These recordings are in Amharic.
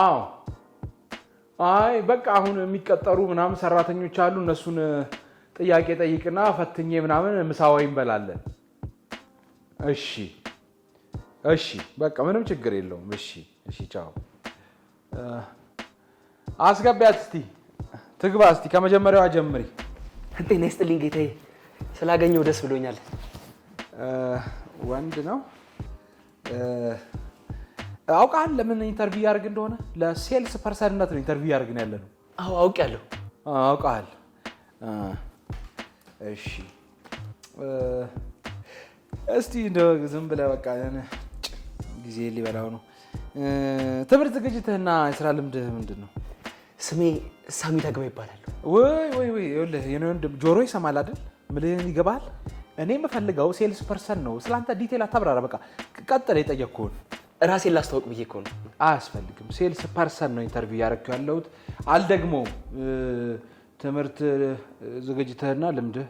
አዎ አይ በቃ አሁን የሚቀጠሩ ምናምን ሰራተኞች አሉ። እነሱን ጥያቄ ጠይቅና ፈትኜ ምናምን ምሳዊ እንበላለን። እሺ እሺ፣ በቃ ምንም ችግር የለውም። እሺ እሺ፣ ቻው። አስገቢያት እስቲ ትግባ። እስቲ ከመጀመሪያዋ ጀምሪ። ጤና ይስጥልኝ ጌታዬ። ስላገኘው ደስ ብሎኛል። ወንድ ነው አውቃል። ለምን ኢንተርቪው ያደርግ እንደሆነ ለሴልስ ፐርሰንነት ነው ኢንተርቪው ያደርግ ነው ያለ ነው። አዎ አውቄያለሁ። አውቃል። እሺ እስቲ እንደው ዝም ብለህ በቃ ጊዜ ሊበላው ነው። ትምህርት ዝግጅትህና የስራ ልምድህ ምንድን ነው? ስሜ ሳሚ ዳግማ ይባላል። ወይ ወይ ወይ፣ ይኸውልህ የኔ ወንድም ጆሮ ይሰማል አይደል? ምልህን ይገባል። እኔ የምፈልገው ሴልስ ፐርሰን ነው። ስለአንተ ዲቴል አታብራራ። በቃ ቀጥል። የጠየቅኩህን ራሴን ላስታወቅ ብዬ እኮ ነው። አያስፈልግም። ሴልስ ፐርሰን ነው ኢንተርቪው እያደረግኩ ያለሁት። አልደግሞም። ትምህርት ዝግጅትህና ልምድህ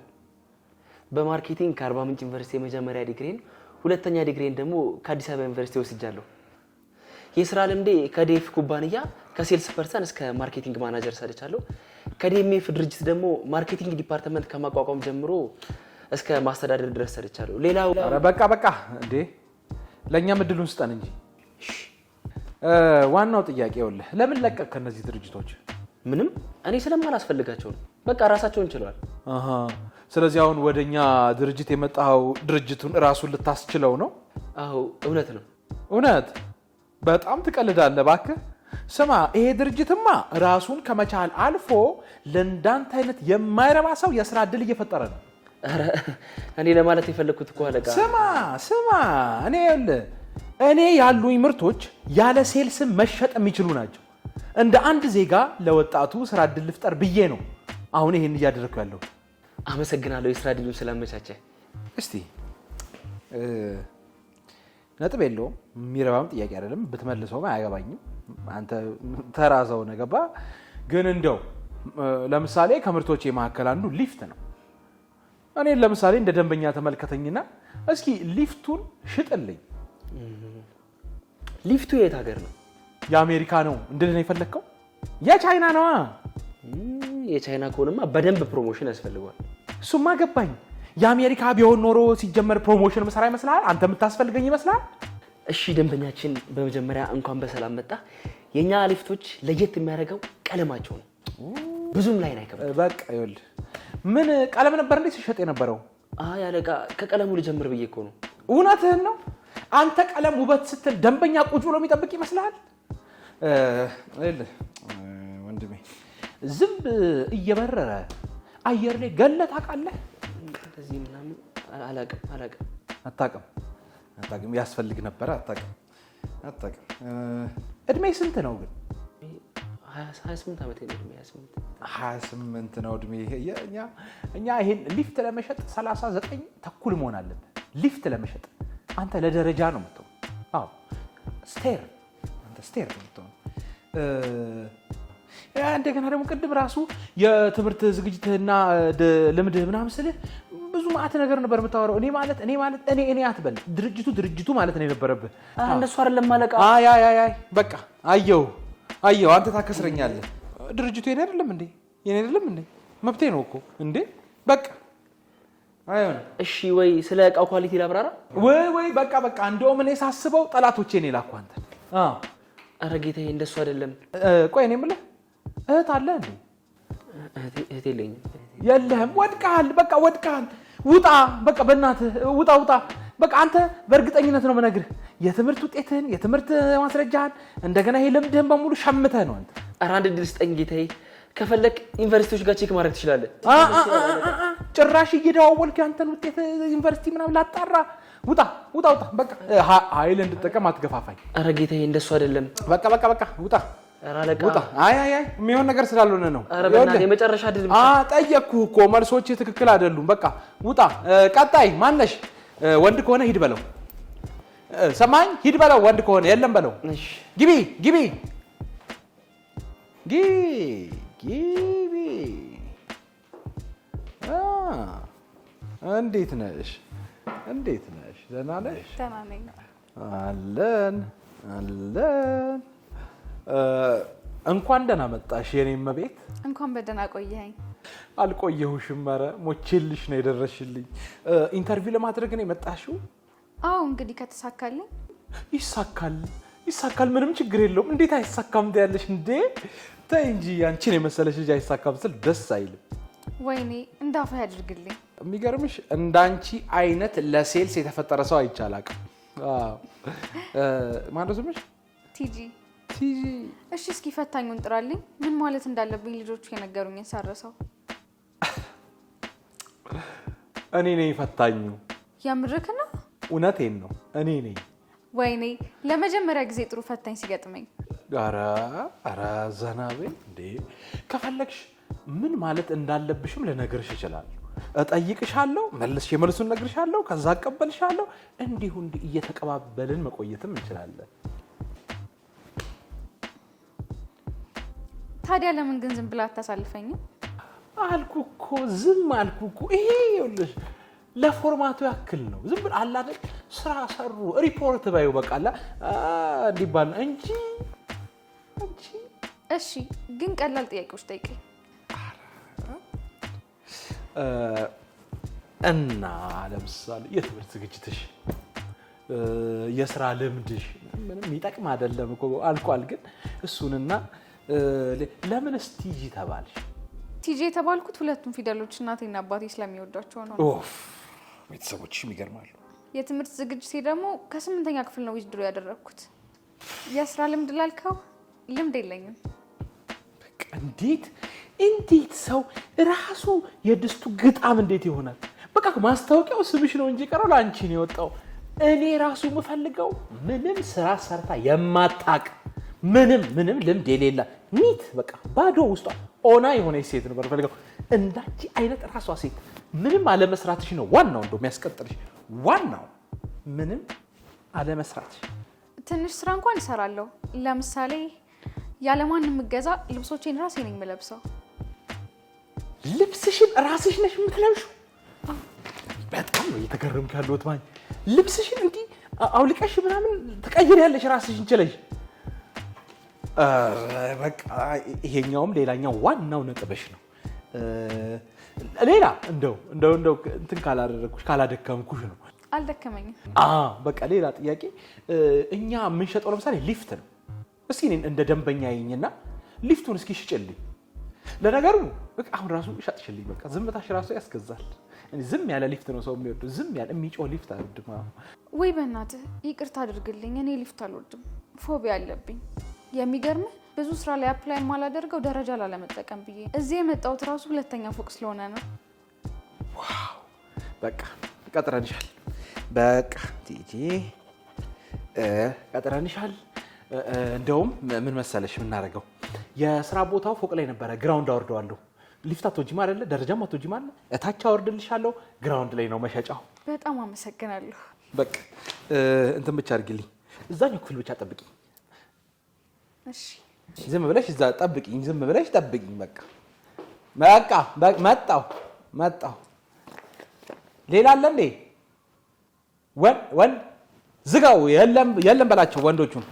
በማርኬቲንግ ከአርባ ምንጭ ዩኒቨርሲቲ የመጀመሪያ ዲግሪን፣ ሁለተኛ ዲግሪን ደግሞ ከአዲስ አበባ ዩኒቨርሲቲ ወስጃለሁ። የስራ ልምዴ ከዴፍ ኩባንያ ከሴልስ ፐርሰን እስከ ማርኬቲንግ ማናጀር ሰርቻለሁ። ከዲኤምኤፍ ድርጅት ደግሞ ማርኬቲንግ ዲፓርትመንት ከማቋቋም ጀምሮ እስከ ማስተዳደር ድረስ ሰርቻለሁ። ሌላው በቃ በቃ እንዴ ለእኛም እድሉን ስጠን እንጂ ዋናው ጥያቄ ይኸውልህ፣ ለምን ለቀቅ ከእነዚህ ድርጅቶች? ምንም እኔ ስለማላስፈልጋቸው ነው። በቃ ራሳቸውን ችለዋል። ስለዚህ አሁን ወደ እኛ ድርጅት የመጣኸው ድርጅቱን እራሱን ልታስችለው ነው? አዎ እውነት ነው። እውነት በጣም ትቀልዳለህ እባክህ ስማ ይሄ ድርጅትማ ራሱን ከመቻል አልፎ ለእንዳንተ አይነት የማይረባ ሰው የስራ እድል እየፈጠረ ነው። እኔ ለማለት የፈለግኩት እኮ አለቃ፣ ስማ ስማ፣ እኔ እኔ ያሉኝ ምርቶች ያለ ሴልስም መሸጥ የሚችሉ ናቸው። እንደ አንድ ዜጋ ለወጣቱ ስራ እድል ልፍጠር ብዬ ነው አሁን ይህን እያደረግኩ ያለው። አመሰግናለሁ የስራ እድሉን ስላመቻቸ። እስቲ ነጥብ የለውም የሚረባም ጥያቄ አይደለም፣ ብትመልሰውም አያገባኝም። አንተ ተራ ሰው ነህ ግን እንደው ለምሳሌ ከምርቶቼ መካከል አንዱ ሊፍት ነው። እኔ ለምሳሌ እንደ ደንበኛ ተመልከተኝና እስኪ ሊፍቱን ሽጥልኝ። ሊፍቱ የት ሀገር ነው? የአሜሪካ ነው እንድል ነው የፈለግከው? የቻይና ነዋ። የቻይና ከሆነማ በደንብ ፕሮሞሽን ያስፈልገዋል። እሱማ ገባኝ። የአሜሪካ ቢሆን ኖሮ ሲጀመር ፕሮሞሽን መሰራ ይመስልሃል? አንተ የምታስፈልገኝ ይመስላል። እሺ ደንበኛችን በመጀመሪያ እንኳን በሰላም መጣ። የኛ ሊፍቶች ለየት የሚያደርገው ቀለማቸው ነው። ብዙም ላይ አይከብም። በቃ ይወል ምን ቀለም ነበር እንዴ ሲሸጥ የነበረው? አይ አለቃ፣ ከቀለሙ ልጀምር ብዬ እኮ ነው። እውነትህን ነው። አንተ ቀለም ውበት ስትል ደንበኛ ቁጭ ብሎ የሚጠብቅ ይመስልሃል? ወንድሜ ዝንብ እየበረረ አየር ላይ ገለ ታውቃለህ? አላውቅም አላውቅም። አታውቅም አታውቅም። ያስፈልግ ነበረ። አታውቅም አታውቅም። እድሜ ስንት ነው ግን? 28 ዓመት ነው እድሜ። እኛ ይሄን ሊፍት ለመሸጥ 39 ተኩል መሆን አለብን። ሊፍት ለመሸጥ አንተ ለደረጃ ነው የምትሆን። አዎ ስቴር፣ አንተ ስቴር ነው የምትሆን። እንደገና ደግሞ ቅድም ራሱ የትምህርት ዝግጅትህና ልምድህ ምናምን ስልህ መዓት ነገር ነበር የምታወራው። እኔ ማለት እኔ ማለት እኔ እኔ አትበል፣ ድርጅቱ ድርጅቱ ማለት ነው የነበረብህ። እነሱ አይደለም ማለቃ። አይ አይ አይ በቃ አየው አየው፣ አንተ ታከስረኛለህ። ድርጅቱ የኔ አይደለም እንዴ? የኔ አይደለም እንዴ? መብቴ ነው እኮ እንዴ? በቃ አይሆን። እሺ ወይ ስለ እቃው ኳሊቲ ላብራራ ወይ ወይ በቃ በቃ። እንደውም እኔ ሳስበው ጠላቶቼ እኔ ላኩ አንተ። አዎ ኧረ ጌታዬ እንደሱ አይደለም። ቆይ እኔ የምልህ እህት አለ እንዴ? እህት የለኝም። የለህም? ወድቀሃል፣ በቃ ወድቀሃል። ውጣ በቃ በእናትህ ውጣ ውጣ በቃ አንተ በእርግጠኝነት ነው የምነግርህ የትምህርት ውጤትህን የትምህርት ማስረጃህን እንደገና ይሄ ልምድህን በሙሉ ሸምተህ ነው አንተ ኧረ አንድ ድል ስጠኝ ጌታዬ ከፈለክ ዩኒቨርሲቲዎች ጋር ቼክ ማድረግ ትችላለህ ጭራሽ እየደዋወልክ ያንተን ውጤት ዩኒቨርሲቲ ምናምን ላጣራ ውጣ ውጣ ውጣ በቃ ሀይል እንድጠቀም አትገፋፋኝ ኧረ ጌታዬ እንደሱ አይደለም በቃ በቃ በቃ ውጣ የሚሆን ነገር ስላልሆነ ነው። የመጨረሻ ጠየቅኩህ እኮ መልሶች ትክክል አይደሉም። በቃ ውጣ። ቀጣይ ማነሽ? ወንድ ከሆነ ሂድ በለው። ሰማኝ፣ ሂድ በለው። ወንድ ከሆነ የለም በለው። ግቢ ግቢ ግቢ። እንዴት ነሽ? እንዴት ነሽ? ደህና ነሽ? አለን አለን እንኳን ደህና መጣሽ የኔ ቤት። እንኳን በደህና ቆየኸኝ። አልቆየሁሽም፣ ኧረ ሞቼልሽ ነው የደረሽልኝ። ኢንተርቪው ለማድረግ ነው የመጣሽው? አዎ እንግዲህ ከተሳካልኝ። ይሳካል፣ ይሳካል፣ ምንም ችግር የለውም። እንዴት አይሳካም ያለሽ እንዴ? ተይ እንጂ አንቺን የመሰለሽ ልጅ አይሳካም ስል ደስ አይልም። ወይኔ እንዳፈ ያድርግልኝ። የሚገርምሽ እንዳንቺ አይነት ለሴልስ የተፈጠረ ሰው አይቻል አቅም ማንደስምሽ ቲጂ እሺ እስኪ ፈታኙን ጥራልኝ። ምን ማለት እንዳለብኝ ልጆቹ የነገሩኝን ሳረሰው። እኔ ነኝ ፈታኙ። የምርክ ነው? እውነቴን ነው፣ እኔ ነኝ። ወይኔ ለመጀመሪያ ጊዜ ጥሩ ፈታኝ ሲገጥመኝ። ኧረ ኧረ ዘናቤ እንዴ። ከፈለግሽ ምን ማለት እንዳለብሽም ልነግርሽ እችላለሁ። እጠይቅሻለሁ፣ መልስ የመልሱን እነግርሻለሁ፣ ከዛ እቀበልሻለሁ። እንዲሁ እንዲህ እየተቀባበልን መቆየትም እንችላለን። ታዲያ ለምን ግን ዝም ብላ አታሳልፈኝም? አልኩ እኮ ዝም አልኩ እኮ። ይሄ ይኸውልሽ ለፎርማቱ ያክል ነው። ዝም ብላ አላለ ስራ ሰሩ ሪፖርት ባዩ በቃላ እንዲባል ነው እንጂ እንጂ። እሺ ግን ቀላል ጥያቄዎች ጠይቀኝ እና ለምሳሌ የትምህርት ዝግጅትሽ፣ የስራ ልምድሽ ምንም ይጠቅም አይደለም እኮ አልቋል። ግን እሱንና ለምንስ ቲጂ ተባልሽ? ቲጂ የተባልኩት ሁለቱም ፊደሎች እናቴና አባቴ ስለሚወዷቸው ነው። ይገርማሉ። የትምህርት ዝግጅቴ ደግሞ ከስምንተኛ ክፍል ነው ዊዝድሮ ያደረግኩት። የስራ ልምድ ላልከው ልምድ የለኝም። እንዴት እንዴት ሰው ራሱ የድስቱ ግጣም እንዴት ይሆናል? በቃ ማስታወቂያው ስምሽ ነው እንጂ ቀረው ለአንቺ ነው የወጣው። እኔ ራሱ የምፈልገው ምንም ስራ ሰርታ የማታቅ ምንም ምንም ልምድ የሌለ ኒት በቃ ባዶ ውስጧ ኦና የሆነች ሴት ነበር ፈልገው። እንዳቺ አይነት ራሷ ሴት ምንም አለመስራትሽ ነው ዋናው፣ እንደ የሚያስቀጥልሽ ዋናው ምንም አለመስራትሽ። ትንሽ ስራ እንኳን እሰራለሁ። ለምሳሌ ያለማን የምገዛ ልብሶቼን ራሴ ነኝ የምለብሰው። ልብስሽን ራስሽ ነሽ የምትለብሹ በጣም ነው እየተገረምክ ያለሁት። ልብስሽን እንዲህ አውልቀሽ ምናምን ተቀይር ያለሽ ራስሽ እንችለሽ በቃ ይሄኛውም ሌላኛው ዋናው ነጥብሽ ነው። ሌላ እንደው እንደው እንደው እንትን ካላደረግኩሽ ካላደከምኩሽ ነው። አልደከመኝም። በቃ ሌላ ጥያቄ እኛ የምንሸጠው ለምሳሌ ሊፍት ነው። እስኪ እኔን እንደ ደንበኛ ይኝና ሊፍቱን እስኪ ሽጭልኝ። ለነገሩ በቃ አሁን ራሱ ሻጥሽልኝ። በቃ ዝምታሽ ራሱ ያስገዛል። ዝም ያለ ሊፍት ነው ሰው የሚወዱ። ዝም ያለ የሚጮህ ሊፍት አልወድም። ወይ በእናትህ ይቅርታ አድርግልኝ። እኔ ሊፍት አልወድም፣ ፎቢያ አለብኝ። የሚገርምህ ብዙ ስራ ላይ አፕላይ ማላደርገው ደረጃ ላለመጠቀም ብዬ እዚህ የመጣሁት ራሱ ሁለተኛ ፎቅ ስለሆነ ነው። ዋው በቃ ቀጥረንሻል። በቃ ቲጂ ቀጥረንሻል። እንደውም ምን መሰለሽ የምናደርገው የስራ ቦታው ፎቅ ላይ ነበረ፣ ግራውንድ አወርደዋለሁ። ሊፍት አትወጂም አይደለ? ደረጃም አትወጂም አለ። እታች አወርድልሻለሁ። ግራውንድ ላይ ነው መሸጫው። በጣም አመሰግናለሁ። በቃ እንትን ብቻ አድርጊልኝ፣ እዛኛው ክፍል ብቻ ጠብቂ ዝም ብለሽ እዛ ጠብቂኝ፣ ዝም ብለሽ ጠብቂኝ። በቃ በቃ መጣሁ መጣሁ። ሌላ አለ እንዴ? ወንድ ዝጋው። የለም የለም በላቸው ወንዶቹን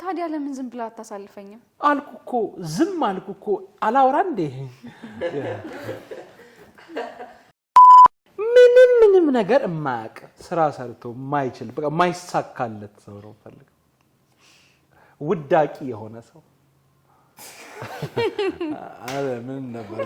ታዲያ ለምን ዝም ብላ አታሳልፈኝም? አልኩ እኮ ዝም አልኩ እኮ አላውራ እንዴ ምንም ነገር የማያውቅ ስራ ሰርቶ የማይችል በቃ የማይሳካለት ሰው ነው ፈልግ ውዳቂ የሆነ ሰው ምን ነበር?